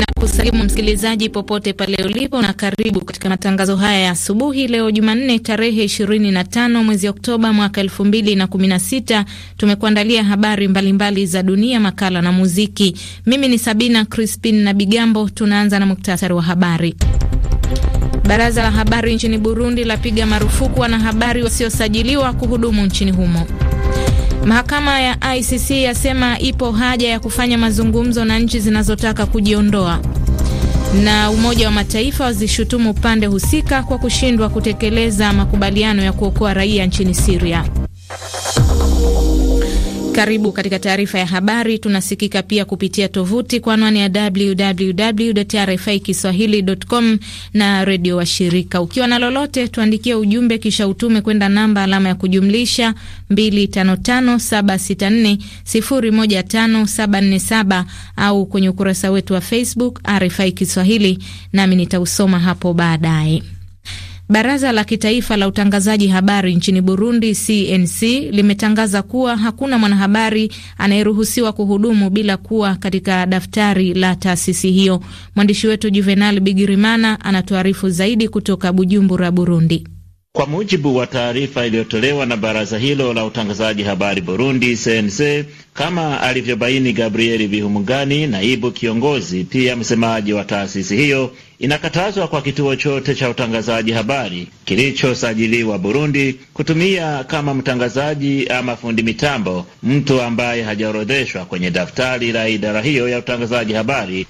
na kusalimu msikilizaji popote pale ulipo, na karibu katika matangazo haya ya asubuhi leo Jumanne tarehe 25 mwezi Oktoba mwaka 2016. Tumekuandalia habari mbalimbali mbali za dunia, makala na muziki. Mimi ni Sabina Crispin na Bigambo. Tunaanza na muktasari wa habari. Baraza la habari nchini Burundi lapiga marufuku wanahabari wasiosajiliwa kuhudumu nchini humo. Mahakama ya ICC yasema ipo haja ya kufanya mazungumzo na nchi zinazotaka kujiondoa. Na Umoja wa Mataifa wazishutumu pande husika kwa kushindwa kutekeleza makubaliano ya kuokoa raia nchini Syria. Karibu katika taarifa ya habari. Tunasikika pia kupitia tovuti kwa anwani ya kiswahilicom na redio washirika. Ukiwa na lolote, tuandikie ujumbe kisha utume kwenda namba alama ya kujumlisha 255764015747 au kwenye ukurasa wetu wa Facebook RFI Kiswahili, nami nitausoma hapo baadaye. Baraza la Kitaifa la Utangazaji Habari nchini Burundi, CNC, limetangaza kuwa hakuna mwanahabari anayeruhusiwa kuhudumu bila kuwa katika daftari la taasisi hiyo. Mwandishi wetu Juvenal Bigirimana anatuarifu zaidi kutoka Bujumbura, Burundi. Kwa mujibu wa taarifa iliyotolewa na baraza hilo la utangazaji habari Burundi CNC, kama alivyobaini Gabrieli Bihumugani, naibu kiongozi pia msemaji wa taasisi hiyo, inakatazwa kwa kituo chote cha utangazaji habari kilichosajiliwa Burundi kutumia kama mtangazaji ama fundi mitambo mtu ambaye hajaorodheshwa kwenye daftari la idara hiyo ya utangazaji habari.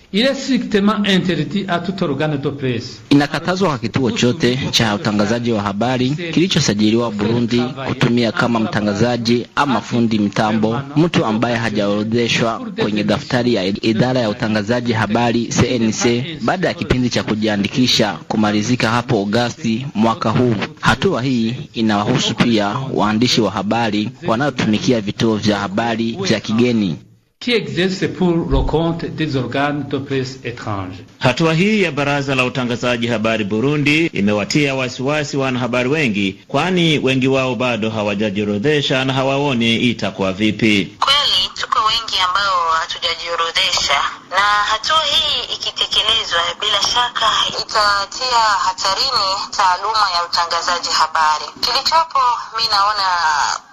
Inakatazwa kwa kituo chote cha utangazaji wa habari habari kilichosajiliwa Burundi kutumia kama mtangazaji ama fundi mtambo mtu ambaye hajaorodheshwa kwenye daftari ya idara ya utangazaji habari CNC baada ya kipindi cha kujiandikisha kumalizika hapo Agosti mwaka huu. Hatua hii inawahusu pia waandishi wa habari wanaotumikia vituo vya habari vya kigeni qui exerce pour le compte des organes de presse étrangers. Hatua hii ya baraza la utangazaji habari Burundi imewatia wasiwasi wanahabari wengi, kwani wengi wao bado hawajajiorodhesha na hawaoni itakuwa vipi. Kweli tuko wengi ambao hatujajiorodhesha, na hatua hii ikitekelezwa, bila shaka itatia hatarini taaluma ya utangazaji habari. Kilichopo, mi naona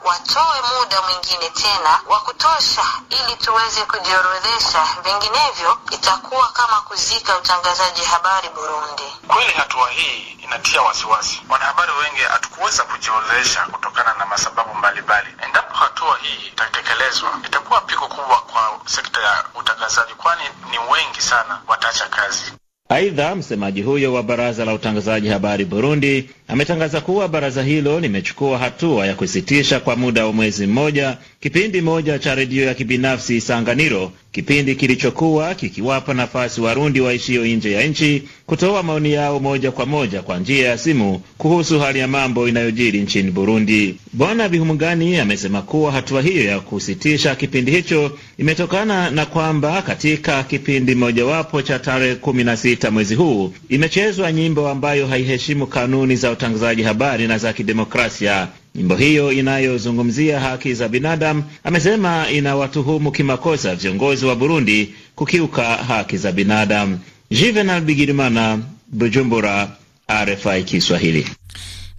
watoe muda mwingine tena wa kutosha ili tuweze kujiorodhesha, vinginevyo itakuwa kama kuzika utangazaji habari Burundi. Kweli hatua hii inatia wasiwasi. Wanahabari wengi hatukuweza kujiorodhesha kutokana na masababu mbalimbali. Endapo hatua hii itatekelezwa, itakuwa pigo kubwa kwa sekta ya utangazaji, kwani ni wengi sana wataacha kazi. Aidha, msemaji huyo wa baraza la utangazaji habari Burundi ametangaza kuwa baraza hilo limechukua hatua ya kusitisha kwa muda wa mwezi mmoja kipindi moja cha redio ya kibinafsi Sanganiro, kipindi kilichokuwa kikiwapa nafasi Warundi waishio nje ya nchi kutoa maoni yao moja kwa moja kwa njia ya simu kuhusu hali ya mambo inayojiri nchini Burundi. Bwana bihumgani amesema kuwa hatua hiyo ya kusitisha kipindi hicho imetokana na kwamba katika kipindi mojawapo cha tarehe kumi na sita mwezi huu imechezwa nyimbo ambayo haiheshimu kanuni za utangazaji habari na za kidemokrasia. Nyimbo hiyo inayozungumzia haki za binadamu, amesema inawatuhumu kimakosa viongozi wa Burundi kukiuka haki za binadamu. Juvenal Bigirimana, Bujumbura, RFI Kiswahili.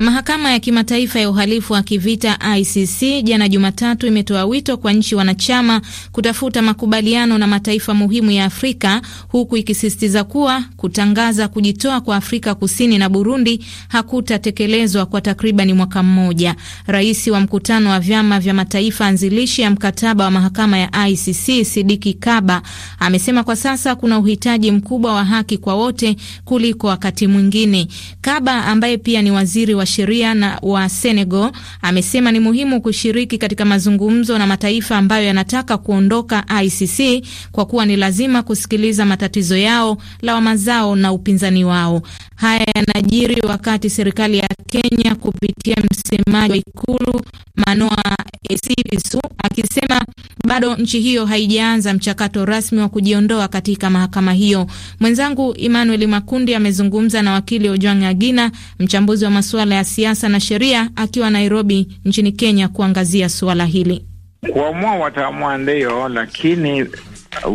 Mahakama ya Kimataifa ya Uhalifu wa Kivita ICC jana Jumatatu imetoa wito kwa nchi wanachama kutafuta makubaliano na mataifa muhimu ya Afrika huku ikisisitiza kuwa kutangaza kujitoa kwa Afrika Kusini na Burundi hakutatekelezwa kwa takribani mwaka mmoja. Rais wa mkutano wa vyama vya mataifa anzilishi ya mkataba wa mahakama ya ICC Sidiki Kaba amesema kwa sasa kuna uhitaji mkubwa wa haki kwa wote kuliko wakati mwingine. Kaba ambaye pia ni waziri wa sheria na wa Senegal amesema ni muhimu kushiriki katika mazungumzo na mataifa ambayo yanataka kuondoka ICC kwa kuwa ni lazima kusikiliza matatizo yao, lawama zao na upinzani wao. Haya yanajiri wakati serikali ya Kenya kupitia msemaji wa Ikulu Manoa Esipisu akisema bado nchi hiyo haijaanza mchakato rasmi wa kujiondoa katika mahakama hiyo. Mwenzangu Emmanuel Makundi amezungumza na wakili Ojwang Agina, mchambuzi wa masuala ya siasa na sheria akiwa Nairobi nchini Kenya kuangazia suala hili. Kuamua wataamua ndio, lakini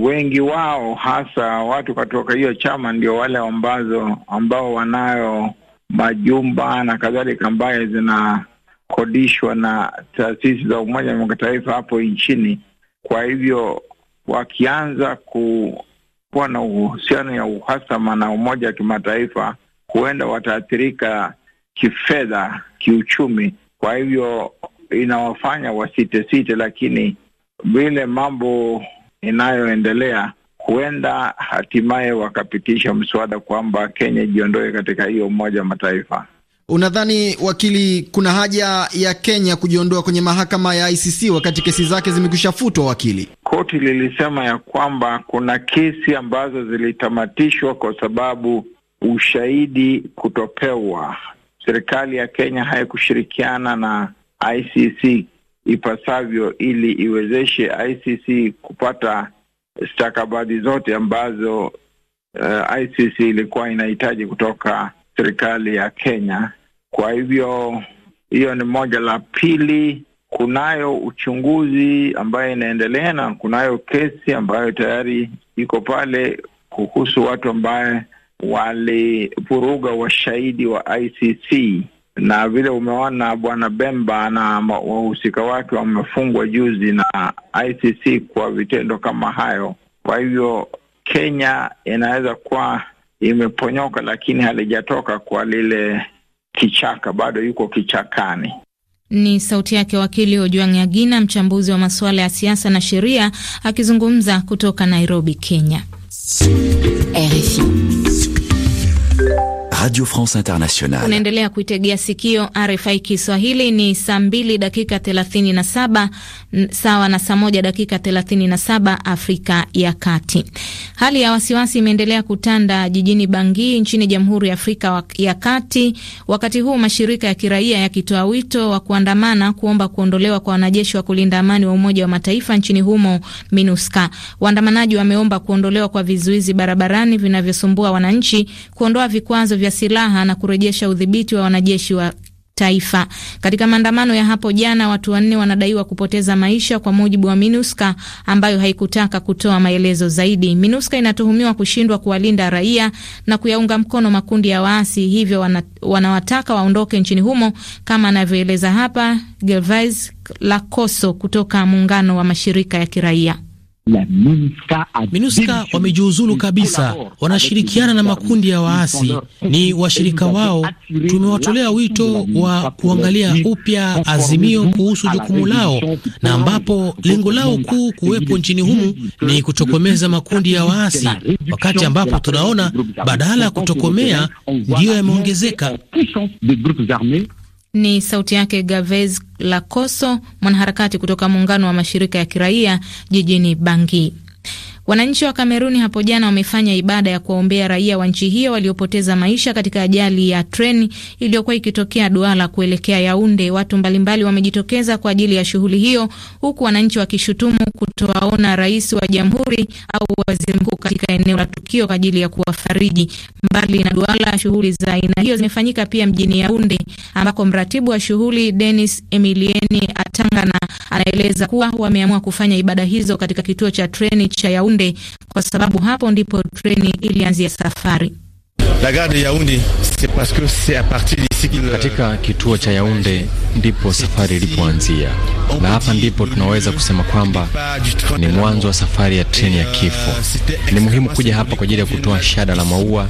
wengi wao hasa watu katoka hiyo chama ndio wale ambazo ambao wanayo majumba na kadhalika ambayo zinakodishwa na taasisi za Umoja wa Mataifa hapo nchini. Kwa hivyo wakianza kuwa na uhusiano ya uhasama na Umoja wa Kimataifa, huenda wataathirika kifedha, kiuchumi. Kwa hivyo inawafanya wasitesite, lakini vile mambo inayoendelea huenda hatimaye wakapitisha mswada kwamba Kenya ijiondoe katika hiyo Umoja wa Mataifa. Unadhani wakili, kuna haja ya Kenya kujiondoa kwenye mahakama ya ICC wakati kesi zake futwa Wakili, koti lilisema ya kwamba kuna kesi ambazo zilitamatishwa kwa sababu ushahidi kutopewa serikali ya Kenya haikushirikiana na ICC ipasavyo ili iwezeshe ICC kupata stakabadhi zote ambazo uh, eh, ICC ilikuwa inahitaji kutoka serikali ya Kenya. Kwa hivyo hiyo ni moja. La pili, kunayo uchunguzi ambayo inaendelea na kunayo kesi ambayo tayari iko pale kuhusu watu ambaye walivuruga washahidi wa ICC na vile umeona bwana Bemba na wahusika wake wamefungwa juzi na ICC kwa vitendo kama hayo. Kwa hivyo Kenya inaweza kuwa imeponyoka, lakini halijatoka kwa lile kichaka, bado yuko kichakani. Ni sauti yake wakili Ojwang' Agina, mchambuzi wa masuala ya siasa na sheria, akizungumza kutoka Nairobi, Kenya. RFI. Radio France Internationale. Unaendelea kuitegea sikio RFI Kiswahili. Ni saa mbili dakika 37 sawa na saa moja dakika 37 Afrika ya Kati. Hali ya wasiwasi imeendelea kutanda jijini Bangui nchini Jamhuri ya Afrika ya Kati, wakati huu mashirika ya kiraia yakitoa wito wa kuandamana kuomba kuondolewa kwa wanajeshi wa kulinda amani wa Umoja wa Mataifa nchini humo MINUSCA. Waandamanaji wameomba kuondolewa kwa vizuizi barabarani vinavyosumbua wananchi, kuondoa vikwazo vya silaha na kurejesha udhibiti wa wanajeshi wa taifa. Katika maandamano ya hapo jana, watu wanne wanadaiwa kupoteza maisha kwa mujibu wa MINUSKA ambayo haikutaka kutoa maelezo zaidi. MINUSKA inatuhumiwa kushindwa kuwalinda raia na kuyaunga mkono makundi ya waasi, hivyo wana, wanawataka waondoke nchini humo, kama anavyoeleza hapa Gervais Lacoso kutoka muungano wa mashirika ya kiraia. MINUSKA wamejiuzulu kabisa, wanashirikiana na makundi ya waasi, ni washirika wao. Tumewatolea wito wa kuangalia upya azimio kuhusu jukumu lao, na ambapo lengo lao kuu kuwepo nchini humu ni kutokomeza makundi ya waasi, wakati ambapo tunaona badala ya kutokomea ndiyo yameongezeka. Ni sauti yake Gavez Lakoso, mwanaharakati kutoka muungano wa mashirika ya kiraia jijini Bangui. Wananchi wa Kameruni hapo jana wamefanya ibada ya kuwaombea raia wa nchi hiyo waliopoteza maisha katika ajali ya treni iliyokuwa ikitokea Duala kuelekea Yaunde. Watu mbalimbali wamejitokeza kwa ajili ya shughuli hiyo, huku wananchi wakishutumu kutowaona rais wa jamhuri au waziri mkuu katika eneo la tukio kwa ajili ya kuwafariji. Mbali na Duala, shughuli za aina hiyo zimefanyika pia mjini Yaunde, ambako mratibu wa shughuli Denis Emilieni Atangana anaeleza kuwa wameamua kufanya ibada hizo katika kituo cha treni cha Yaunde punde, kwa sababu hapo ndipo treni ilianzia safari. La gare de Yaoundé, c'est parce que c'est à partir d'ici qu'il katika kituo cha Yaoundé euh, ndipo safari ilipoanzia, na hapa ndipo tunaweza kusema kwamba ni mwanzo wa safari ya treni ya euh, kifo. Ni muhimu kuja hapa kwa ajili ya kutoa shada la maua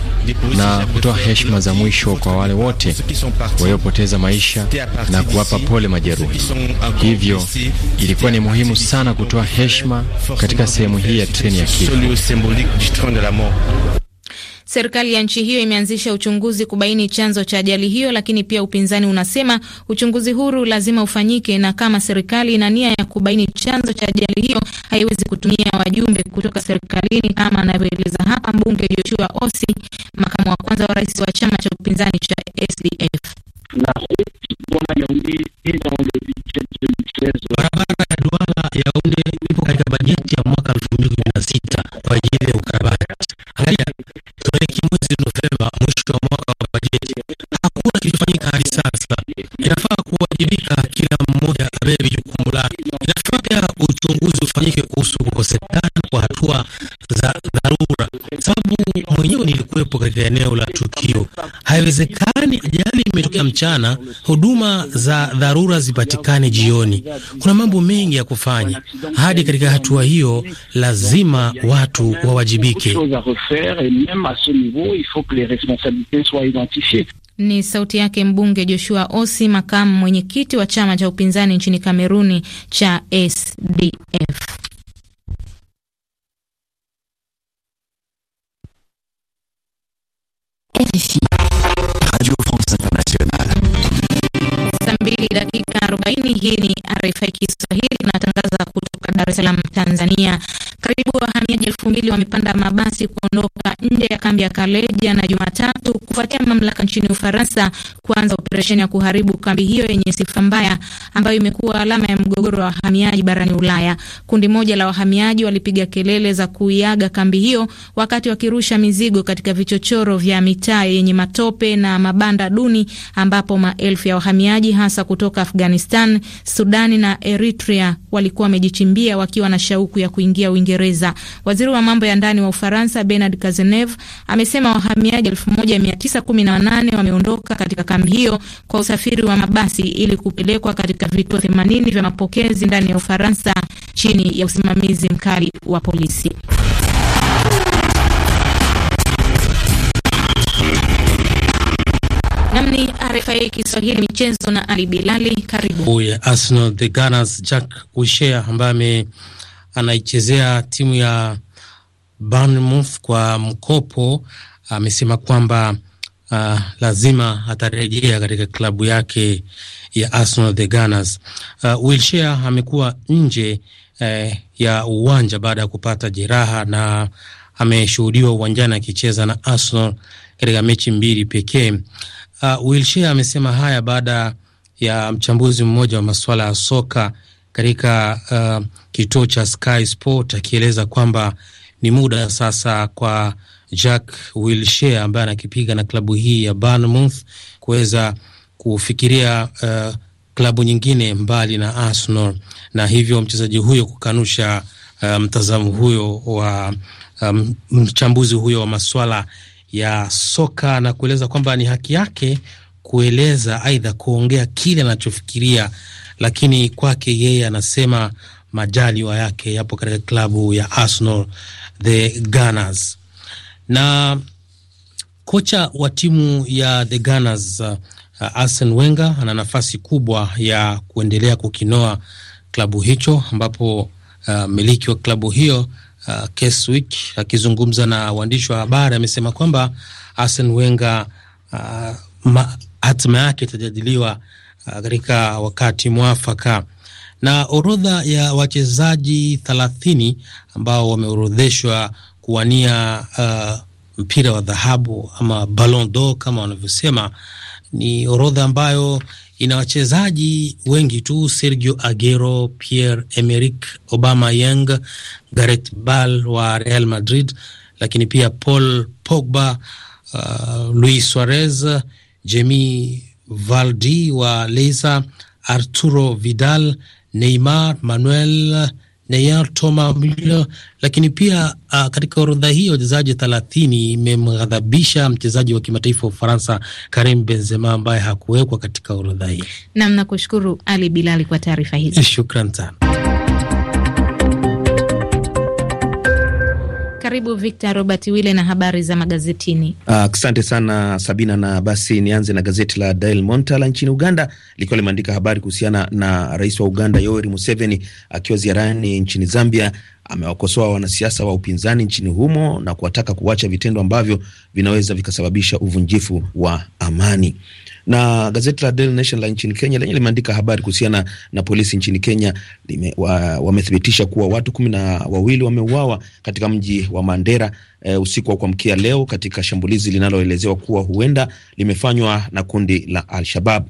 na kutoa heshima za mwisho kwa wale wote waliopoteza maisha na kuwapa pole majeruhi. Hivyo ilikuwa ni muhimu sana kutoa heshima katika sehemu hii ya treni ya kifo. Serikali ya nchi hiyo imeanzisha uchunguzi kubaini chanzo cha ajali hiyo, lakini pia upinzani unasema uchunguzi huru lazima ufanyike, na kama serikali ina nia ya kubaini chanzo cha ajali hiyo haiwezi kutumia wajumbe kutoka serikalini, kama anavyoeleza hapa mbunge Joshua Osi, makamu wa kwanza wa rais wa chama cha upinzani cha SDF. Barabara ya Duala Yaunde ipo katika bajeti ya mwaka tunaingia mwezi Novemba, mwisho wa mwaka wa bajeti. Hakuna kilichofanyika hadi sasa. Inafaa kuwajibika, kila mmoja abebe jukumu lake. Inafaa pia uchunguzi ufanyike kuhusu kukosekana kwa hatua za dharura sababu mwenyewe nilikuwepo katika eneo la tukio. Haiwezekani ajali imetokea mchana, huduma za dharura zipatikane jioni. Kuna mambo mengi ya kufanya. Hadi katika hatua hiyo, lazima watu wawajibike. Ni sauti yake mbunge Joshua Osi, makamu mwenyekiti wa chama cha upinzani nchini Kameruni cha SDF. RFI, Radio France Internationale. Saa mbili dakika arobaini. Hii ni RFI Kiswahili inatangaza kutoka Dar es Salaam, Tanzania. Karibu wahamiaji elfu mbili wamepanda mabasi kuondoka nje ya kambi ya Kale jana Jumatatu kufuatia mamlaka nchini Ufaransa kuanza operesheni ya kuharibu kambi hiyo yenye sifa mbaya ambayo imekuwa alama ya mgogoro wa wahamiaji barani Ulaya. Kundi moja la wahamiaji walipiga kelele za kuiaga kambi hiyo wakati wakirusha mizigo katika vichochoro vya mitaa yenye matope na mabanda duni ambapo maelfu ya wahamiaji hasa kutoka Afghanistan Afghanistan, Sudani na Eritrea walikuwa wamejichimbia wakiwa na shauku ya kuingia Uingereza. Waziri wa mambo ya ndani wa Ufaransa Bernard Cazeneuve amesema wahamiaji 1918 wameondoka katika kambi hiyo kwa usafiri wa mabasi ili kupelekwa katika vituo 80 vya mapokezi ndani ya Ufaransa chini ya usimamizi mkali wa polisi. Namni RFI Kiswahili michezo na Ali Bilali, karibu. Huyu Arsenal the Gunners Jack Wilshere ambaye anaichezea timu ya Bournemouth kwa mkopo amesema kwamba uh, lazima atarejea katika klabu yake ya Arsenal the Gunners. Uh, Wilshere amekuwa nje eh, ya uwanja baada ya kupata jeraha na ameshuhudiwa uwanjani akicheza na Arsenal katika mechi mbili pekee. Uh, Wilshire amesema haya baada ya mchambuzi mmoja wa masuala ya soka katika uh, kituo cha Sky Sport akieleza kwamba ni muda sasa kwa Jack Wilshere ambaye anakipiga na klabu hii ya Bournemouth kuweza kufikiria uh, klabu nyingine mbali na Arsenal, na hivyo mchezaji huyo kukanusha uh, mtazamo huyo wa um, mchambuzi huyo wa maswala ya soka na kueleza kwamba ni haki yake kueleza aidha kuongea kile anachofikiria, lakini kwake yeye anasema majaliwa yake yapo katika klabu ya Arsenal the Gunners. Na kocha wa timu ya the Gunners uh, Arsene Wenger ana nafasi kubwa ya kuendelea kukinoa klabu hicho ambapo uh, miliki wa klabu hiyo uh, Keswick akizungumza na waandishi wa habari amesema kwamba arsen Wenger uh, hatima yake itajadiliwa uh, katika uh, wakati mwafaka na orodha ya wachezaji thelathini ambao wameorodheshwa kuwania uh, mpira wa dhahabu ama Ballon d'Or kama wanavyosema, ni orodha ambayo ina wachezaji wengi tu: Sergio Aguero, Pierre Emerick Aubameyang, Gareth Bale wa Real Madrid, lakini pia Paul Pogba, uh, Luis Suarez, Jamie Valdi wa Leicester, Arturo Vidal, Neymar, Manuel Neyar Toma Müller, lakini pia uh, katika orodha hii wachezaji thelathini imemghadhabisha mchezaji wa kimataifa wa Ufaransa Karim Benzema ambaye hakuwekwa katika orodha hii. Nam, nakushukuru Ali Bilali kwa taarifa hizi, shukran sana. Karibu Victor Robert Wile na habari za magazetini. Ah, asante sana Sabina, na basi nianze na gazeti la Daily Monitor la nchini Uganda likiwa limeandika habari kuhusiana na rais wa Uganda Yoweri Museveni akiwa ziarani nchini Zambia amewakosoa wanasiasa wa upinzani nchini humo na kuwataka kuacha vitendo ambavyo vinaweza vikasababisha uvunjifu wa amani. Na gazeti la Daily Nation la nchini Kenya lenye limeandika habari kuhusiana na polisi nchini Kenya wamethibitisha wa kuwa watu kumi na wawili wameuawa katika mji wa Mandera e, usiku wa kuamkia leo katika shambulizi linaloelezewa kuwa huenda limefanywa na kundi la Al-Shabab.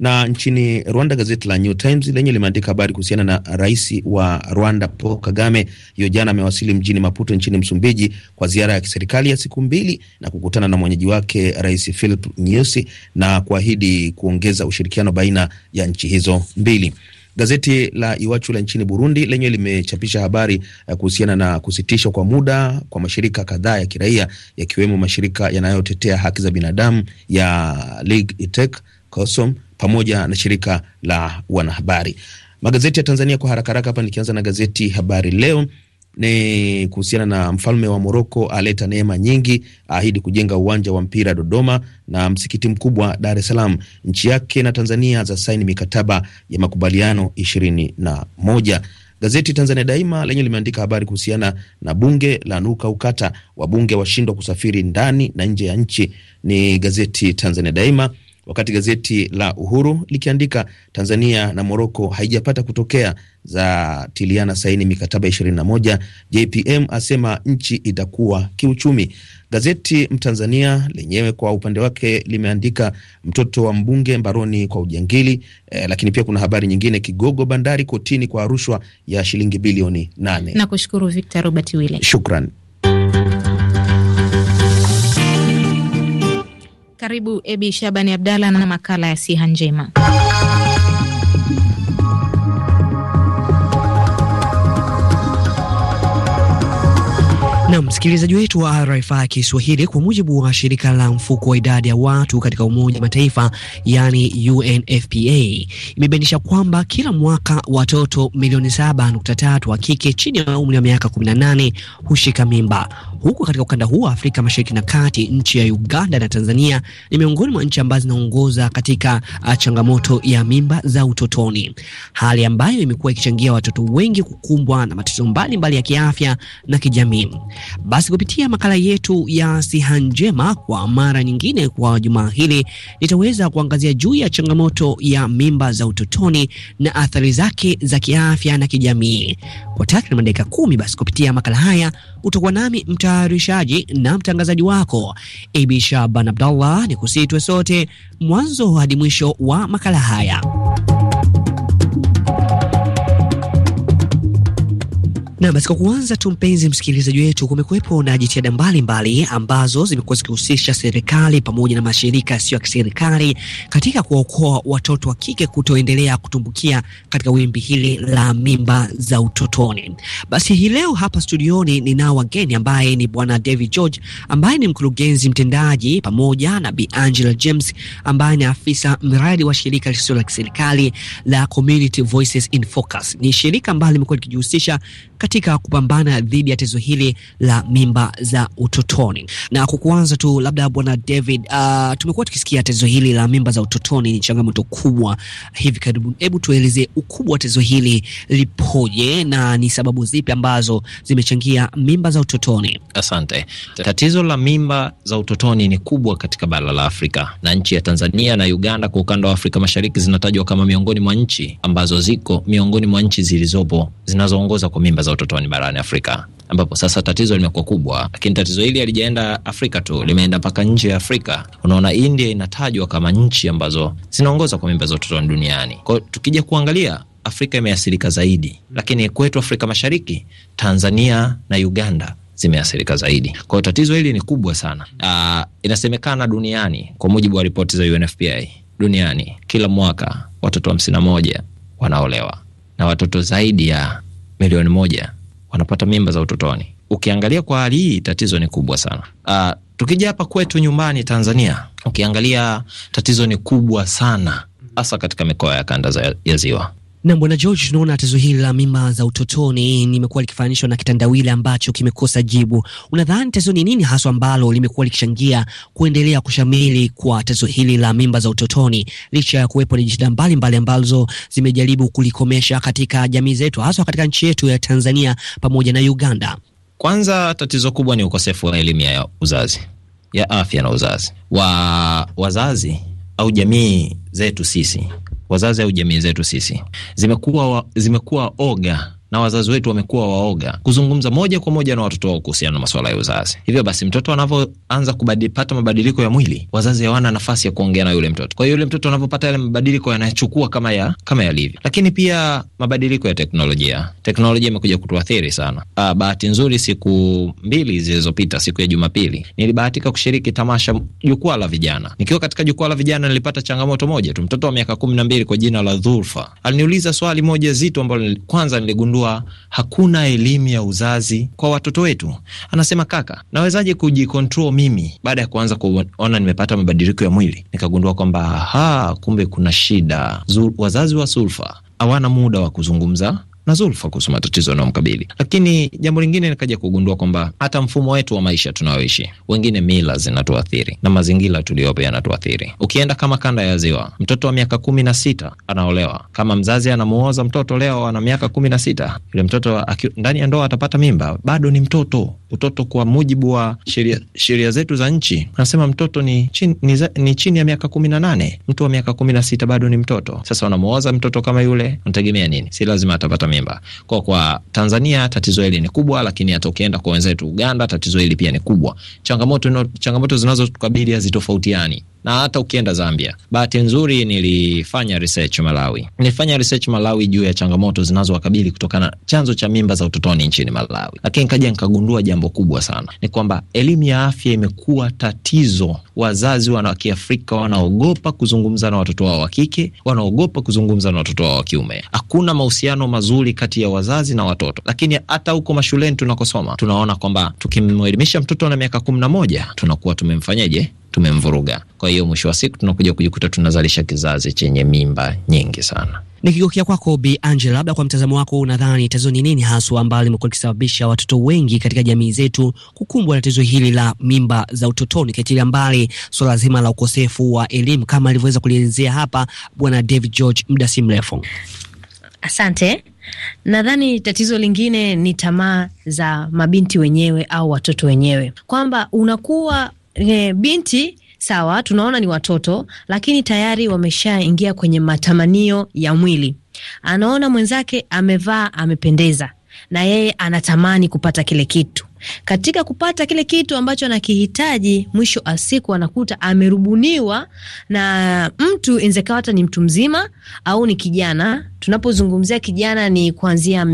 Na nchini Rwanda, gazeti la New Times lenye limeandika habari kuhusiana na rais wa Rwanda Paul Kagame. Hiyo jana amewasili mjini Maputo nchini Msumbiji kwa ziara ya kiserikali ya siku mbili na kukutana na mwenyeji wake Rais Philip Nyusi na kuahidi kuongeza ushirikiano baina ya nchi hizo mbili. Gazeti la Iwachu la nchini Burundi lenyewe limechapisha habari eh, kuhusiana na kusitishwa kwa muda kwa mashirika kadhaa ya kiraia yakiwemo mashirika yanayotetea haki za binadamu ya Ligue Itech, Kosom pamoja na shirika la wanahabari. Magazeti ya Tanzania kwa haraka haraka hapa, nikianza na gazeti Habari Leo ni kuhusiana na mfalme wa Moroko aleta neema nyingi, ahidi kujenga uwanja wa mpira Dodoma na msikiti mkubwa Dar es Salaam. Nchi yake na Tanzania za saini mikataba ya makubaliano ishirini na moja. Gazeti Tanzania Daima lenye limeandika habari kuhusiana na bunge la nuka ukata, wabunge washindwa kusafiri ndani na nje ya nchi. Ni gazeti Tanzania Daima wakati gazeti la Uhuru likiandika Tanzania na Moroko haijapata kutokea za tiliana saini mikataba 21. JPM asema nchi itakuwa kiuchumi. Gazeti Mtanzania lenyewe kwa upande wake limeandika mtoto wa mbunge mbaroni kwa ujangili eh, lakini pia kuna habari nyingine, kigogo bandari kotini kwa rushwa ya shilingi bilioni nane. Nakushukuru Victor Robert Wile, shukran. Karibu Ebi Shabani Abdalla na makala ya siha njema. na msikilizaji wetu wa RFI Kiswahili, kwa mujibu wa shirika la mfuko wa idadi ya watu katika Umoja wa Mataifa yaani UNFPA imebainisha kwamba kila mwaka watoto milioni 7.3 wa kike chini ya umri wa miaka 18 hushika mimba, huku katika ukanda huu wa Afrika Mashariki na Kati, nchi ya Uganda na Tanzania ni miongoni mwa nchi ambazo zinaongoza katika ah, changamoto ya mimba za utotoni, hali ambayo imekuwa ikichangia watoto wengi kukumbwa na matatizo mbalimbali ya kiafya na kijamii. Basi kupitia makala yetu ya Siha Njema kwa mara nyingine kwa jumaa hili nitaweza kuangazia juu ya changamoto ya mimba za utotoni na athari zake za kiafya na kijamii kwa takriban dakika kumi. Basi kupitia makala haya utakuwa nami mta mtayarishaji na mtangazaji wako Ibi Shaban Abdallah. Ni kusitwe sote mwanzo hadi mwisho wa makala haya. Na basi kwa kuanza tu, mpenzi msikilizaji wetu, kumekuwepo na jitihada mbalimbali ambazo zimekuwa zikihusisha serikali pamoja na mashirika yasiyo ya kiserikali katika kuwaokoa watoto wa kike kutoendelea kutumbukia katika wimbi hili la mimba za utotoni. Basi hii leo hapa studioni ninao wageni ambaye ni Bwana David George ambaye ni mkurugenzi mtendaji pamoja na Bi Angela James ambaye ni afisa mradi wa shirika lisilo la kiserikali la Community Voices in Focus. Ni shirika ambalo limekuwa likijihusisha katika kupambana dhidi ya tatizo hili la mimba za utotoni. Na kwa kuanza tu, labda bwana David, uh, tumekuwa tukisikia tatizo hili la mimba za utotoni ni changamoto kubwa hivi karibuni. Hebu tuelezee ukubwa wa tatizo hili lipoje na ni sababu zipi ambazo zimechangia mimba za utotoni? Asante. Tatizo la mimba za utotoni ni kubwa katika bara la Afrika na nchi ya Tanzania na Uganda kwa ukanda wa Afrika Mashariki zinatajwa kama miongoni mwa nchi ambazo ziko miongoni mwa nchi zilizopo zinazoongoza kwa mimba za utotoni watotoni barani Afrika ambapo sasa tatizo limekuwa kubwa, lakini tatizo hili halijaenda Afrika tu, limeenda mpaka nje ya Afrika. Unaona, India inatajwa kama nchi ambazo zinaongoza kwa mimba za utotoni duniani. Kwao tukija kuangalia Afrika imeathirika zaidi, lakini kwetu Afrika Mashariki, Tanzania na Uganda zimeathirika zaidi. Kwa hiyo tatizo hili ni kubwa sana. Aa, ah, inasemekana duniani kwa mujibu wa ripoti za UNFPA, duniani kila mwaka watoto hamsini na moja wanaolewa na watoto zaidi ya milioni moja wanapata mimba za utotoni. Ukiangalia kwa hali hii, tatizo ni kubwa sana. Uh, tukija hapa kwetu nyumbani Tanzania, ukiangalia tatizo ni kubwa sana hasa katika mikoa ya kanda za ya ziwa. Na Bwana George, tunaona tatizo hili la mimba za utotoni limekuwa likifananishwa na kitandawili ambacho kimekosa jibu. Unadhani tatizo ni nini haswa ambalo limekuwa likichangia kuendelea kushamili kwa tatizo hili la mimba za utotoni, licha ya kuwepo na jitihada mbalimbali ambazo zimejaribu kulikomesha katika jamii zetu, haswa katika nchi yetu ya Tanzania pamoja na Uganda? Kwanza, tatizo kubwa ni ukosefu wa elimu ya uzazi, ya afya na uzazi wa wazazi au jamii zetu sisi wazazi au jamii zetu sisi, zimekuwa zimekuwa oga na wazazi wetu wamekuwa waoga kuzungumza moja kwa moja na watoto wao kuhusiana na masuala ya uzazi. Hivyo basi mtoto anavyoanza kupata mabadiliko ya mwili, wazazi hawana nafasi ya kuongea na yule mtoto. Kwa hiyo yule mtoto anavyopata yale mabadiliko yanayochukua kama ya kama yalivyo. Lakini pia mabadiliko ya teknolojia, teknolojia imekuja kutuathiri sana. Ah, bahati nzuri, siku mbili zilizopita, siku ya Jumapili, nilibahatika kushiriki tamasha jukwaa la vijana. Nikiwa katika jukwaa la vijana, nilipata changamoto moja tu. Mtoto wa miaka kumi na mbili kwa jina la Dhulfa aliniuliza swali moja zito ambalo kwanza niligundua kuwa hakuna elimu ya uzazi kwa watoto wetu. Anasema, kaka, nawezaje kujikontrol mimi baada ya kuanza kuona nimepata mabadiliko ya mwili? Nikagundua kwamba ha kumbe kuna shida. Wazazi wa Sulfa hawana muda wa kuzungumza na zulfa kuhusu matatizo yanayomkabili. Lakini jambo lingine nikaja kugundua kwamba hata mfumo wetu wa maisha tunayoishi, wengine mila zinatuathiri na mazingira tuliyopo yanatuathiri. Ukienda kama kanda ya Ziwa, mtoto wa miaka kumi na sita anaolewa. Kama mzazi anamuoza mtoto leo ana miaka kumi na sita, yule mtoto ndani ya ndoa atapata mimba, bado ni mtoto. Utoto kwa mujibu wa sheria zetu za nchi anasema mtoto ni chini, ni, ni chini ya miaka kumi na nane. Mtu wa miaka kumi na sita bado ni mtoto. Sasa wanamuoza mtoto kama yule, unategemea nini? Si lazima atapata mimba. Desemba. Kwa kwa Tanzania tatizo hili ni kubwa, lakini hata ukienda kwa wenzetu Uganda tatizo hili pia ni kubwa. Changamoto no, changamoto zinazotukabili hazitofautiani na hata ukienda Zambia. Bahati nzuri nilifanya research Malawi, nilifanya research Malawi juu ya changamoto zinazowakabili kutokana na chanzo cha mimba za utotoni nchini Malawi, lakini nikaja nikagundua jambo kubwa sana, ni kwamba elimu ya afya imekuwa tatizo. Wazazi wana wa Kiafrika wanaogopa kuzungumza na watoto wao wa kike, wanaogopa kuzungumza na watoto wao wa kiume. Hakuna mahusiano mazuri kati ya wazazi na watoto, lakini hata huko mashuleni tunakosoma tunaona kwamba tukimwelimisha mtoto na miaka kumi na moja tunakuwa tumemfanyeje tumemvuruga. Kwa hiyo mwisho wa siku tunakuja kujikuta tunazalisha kizazi chenye mimba nyingi sana. Nikigokea kwako Bi Angela, labda kwa mtazamo wako, unadhani tatizo ni nini haswa ambalo limekuwa likisababisha watoto wengi katika jamii zetu kukumbwa na tatizo hili la mimba za utotoni, kiachilia mbali suala zima la ukosefu wa elimu kama alivyoweza kulielezea hapa Bwana David George muda si mrefu? Asante. Nadhani tatizo lingine ni tamaa za mabinti wenyewe au watoto wenyewe, kwamba unakuwa e, binti sawa, tunaona ni watoto, lakini tayari wameshaingia kwenye matamanio ya mwili. Anaona mwenzake amevaa, amependeza, na yeye anatamani kupata kile kitu katika kupata kile kitu ambacho anakihitaji, mwisho wa siku anakuta amerubuniwa na mtu, inzekawa hata ni mtu mzima au ni kijana. Tunapozungumzia kijana ni kuanzia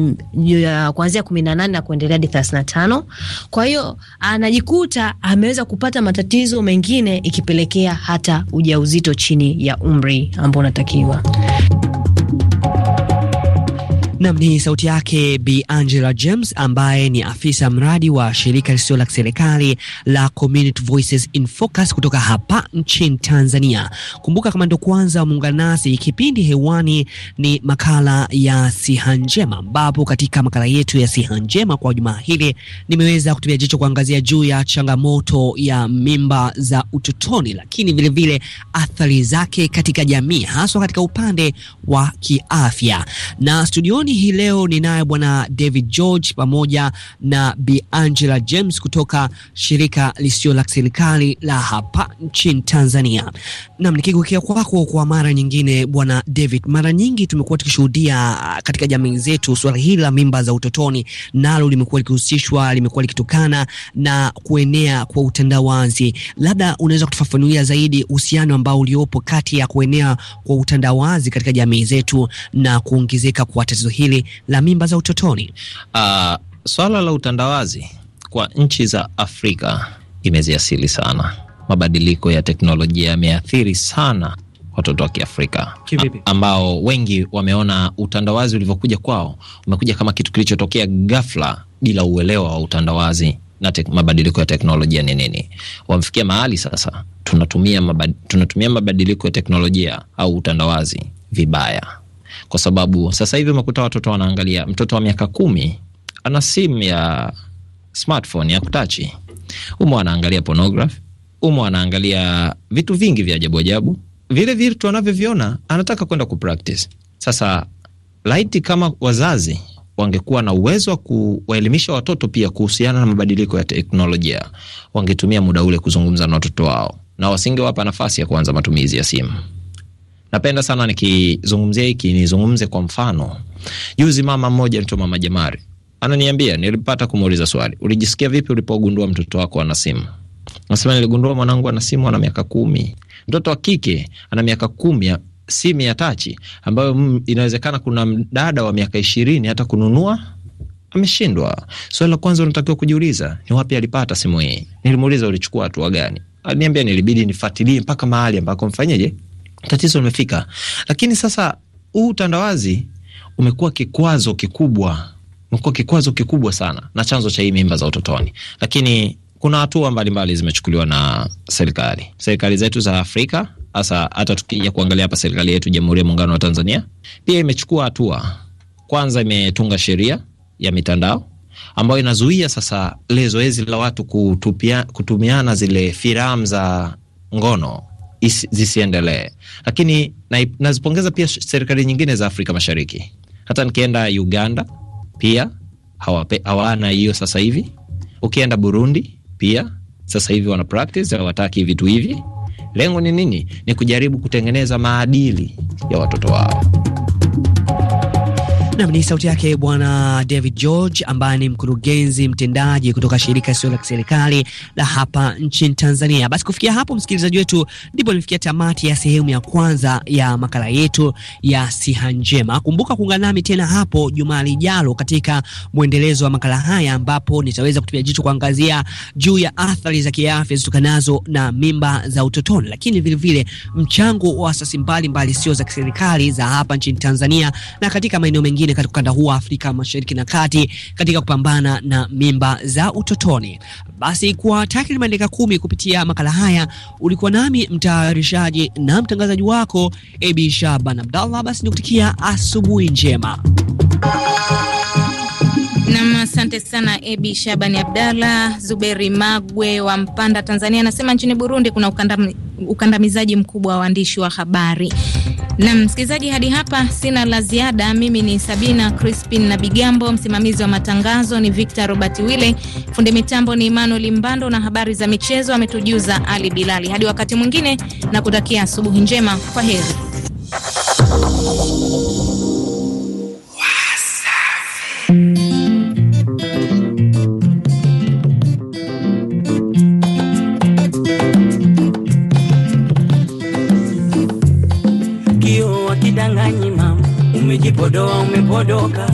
kuanzia kumi na nane na kuendelea hadi thelathini na tano. Kwa hiyo anajikuta ameweza kupata matatizo mengine, ikipelekea hata ujauzito chini ya umri ambao unatakiwa. Nam ni sauti yake Bi Angela James ambaye ni afisa mradi wa shirika lisilo la kiserikali la Community Voices in Focus kutoka hapa nchini Tanzania. Kumbuka kama ndo kwanza muungana nasi, kipindi hewani ni makala ya Siha Njema, ambapo katika makala yetu ya Siha Njema kwa jumaa hili nimeweza kutupia jicho kuangazia juu ya changamoto ya mimba za utotoni, lakini vilevile vile athari zake katika jamii, haswa katika upande wa kiafya na studioni studioni hii leo ninaye bwana David George pamoja na Bi Angela James kutoka shirika lisio la serikali la hapa nchini Tanzania. Nam, nikigokea kwako kwa mara nyingine, bwana David, mara nyingi tumekuwa tukishuhudia ah, katika jamii zetu suala hili la mimba za utotoni, nalo limekuwa likihusishwa, limekuwa likitokana na kuenea kwa utandawazi. Labda unaweza kutufafanulia zaidi uhusiano ambao uliopo kati ya kuenea kwa utandawazi katika jamii zetu na kuongezeka kwa tatizo hili la mimba za utotoni? Uh, swala la utandawazi kwa nchi za Afrika imeziasili sana. Mabadiliko ya teknolojia yameathiri sana watoto wa Kiafrika ambao wengi wameona utandawazi ulivyokuja kwao umekuja kama kitu kilichotokea ghafla bila uelewa wa utandawazi na mabadiliko ya teknolojia ni nini. Wamefikia mahali sasa tunatumia, mabad tunatumia mabadiliko ya teknolojia au utandawazi vibaya kwa sababu sasa hivi umekuta watoto wanaangalia, mtoto wa miaka kumi ana simu ya smartphone ya kutachi, umo anaangalia pornography, umo anaangalia vitu vingi vya ajabu ajabu, vile vitu anavyoviona anataka kwenda kupractice. Sasa laiti kama wazazi wangekuwa na uwezo wa kuwaelimisha watoto pia kuhusiana na mabadiliko ya teknolojia, wangetumia muda ule kuzungumza na watoto wao na wasingewapa nafasi ya kuanza matumizi ya simu. Napenda sana nikizungumzia hiki nizungumze kwa mfano. Juzi mama mmoja anaitwa Mama Jamari ananiambia, nilipata kumuuliza swali, ulijisikia vipi ulipogundua mtoto wako ana simu? Nasema niligundua mwanangu ana simu, ana miaka kumi. Mtoto wa kike ana miaka kumi simu ya tachi ambayo mm, inawezekana kuna mdada wa miaka ishirini hata kununua ameshindwa. Swali la kwanza unatakiwa kujiuliza ni wapi alipata simu hii. Nilimuuliza ulichukua hatua gani? Aliniambia nilibidi nifuatilie mpaka mahali ambako mfanyeje tatizo limefika. Lakini sasa huu utandawazi umekuwa kikwazo kikubwa, umekuwa kikwazo kikubwa sana na chanzo cha hii mimba za utotoni. Lakini kuna hatua mbalimbali zimechukuliwa na serikali, serikali zetu za Afrika, hasa hata tukija kuangalia hapa, serikali yetu Jamhuri ya Muungano wa Tanzania pia imechukua hatua. Kwanza imetunga sheria ya mitandao ambayo inazuia sasa le zoezi la watu kutupia, kutumiana zile filamu za ngono zisiendelee. Lakini nazipongeza pia serikali nyingine za Afrika Mashariki. Hata nikienda Uganda pia hawape, hawana hiyo sasa hivi. Ukienda Burundi pia sasa hivi wana practice, hawataki vitu hivi. Lengo ni nini? Ni kujaribu kutengeneza maadili ya watoto wao. Nam ni sauti yake Bwana David George ambaye ni mkurugenzi mtendaji kutoka shirika sio la kiserikali la hapa nchini Tanzania. Basi kufikia hapo, msikilizaji wetu, ndipo limefikia tamati ya sehemu ya kwanza ya makala yetu ya siha njema. Kumbuka kuungana nami tena hapo Jumaa lijalo katika mwendelezo wa makala haya, ambapo nitaweza kutupia jicho kuangazia juu ya athari za kiafya zitokanazo na mimba za utotoni, lakini vilevile mchango wa asasi mbalimbali sio za kiserikali za hapa nchini Tanzania na katika maeneo mengine nyingine katika ukanda huu wa Afrika Mashariki na Kati katika kupambana na mimba za utotoni. Basi kwa takriban dakika kumi kupitia makala haya ulikuwa nami mtayarishaji na mtangazaji wako Ebi Shaban Abdallah. Basi nikutikia asubuhi njema. Nam, asante sana Ebi Shabani Abdalla. Zuberi Magwe wa Mpanda, Tanzania, anasema nchini Burundi kuna ukandami, ukandamizaji mkubwa wa waandishi wa habari. Na msikilizaji, hadi hapa sina la ziada. Mimi ni Sabina Crispin na Bigambo, msimamizi wa matangazo ni Victor Robert Wille, fundi mitambo ni Emmanuel Mbando na habari za michezo ametujuza Ali Bilali. Hadi wakati mwingine, na kutakia asubuhi njema. Kwa heri. nimepodoka,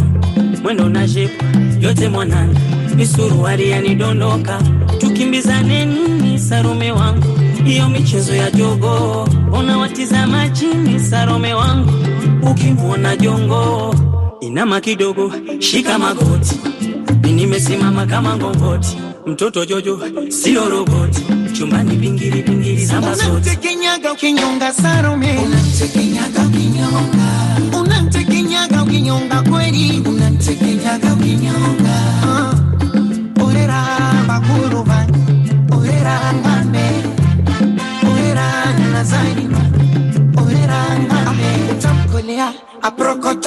mwendo na jipu yote mwanana, misuruari yanidondoka, tukimbizane nini sarume wangu, hiyo michezo ya jogoo, ona watizama chini sarume wangu, ukimwona jongo inama kidogo, shika magoti, nimesimama kama ngongoti, mtoto Jojo sio roboti, chumbani vingiri vingiri samba sarume, unanitaka ukinyonga kweli unanisekejaga ukinyonga uh. orera maguruba orera ngame orera nazani orera ngame tamkolea aprokot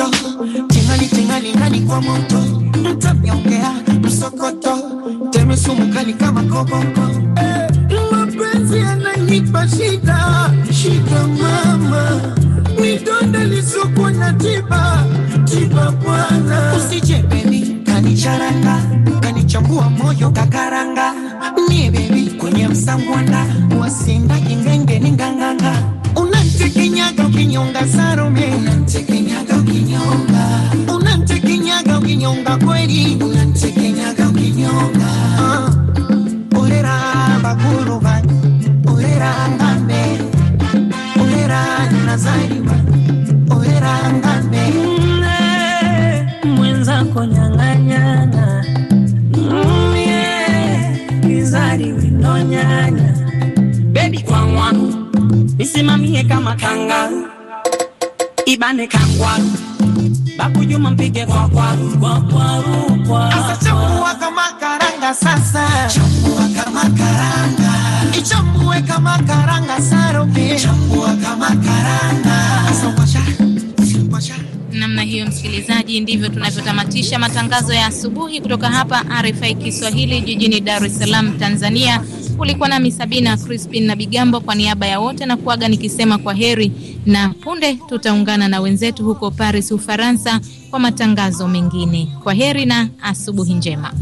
nyanya bebi kwa nisimamie kama kangaru ibane kangwaru bakujuma mpige kwa kwaru kwa kama karanga sasa chambua kama karanga ichambue kama karanga saroke chambua kama karanga asa kwasha kwasha namna hiyo, msikilizaji, ndivyo tunavyotamatisha matangazo ya asubuhi kutoka hapa RFI Kiswahili jijini Dar es Salaam, Tanzania. Ulikuwa nami Sabina Crispin na Bigambo kwa niaba ya wote na kuaga nikisema kwa heri, na punde tutaungana na wenzetu huko Paris, Ufaransa, kwa matangazo mengine. Kwa heri na asubuhi njema.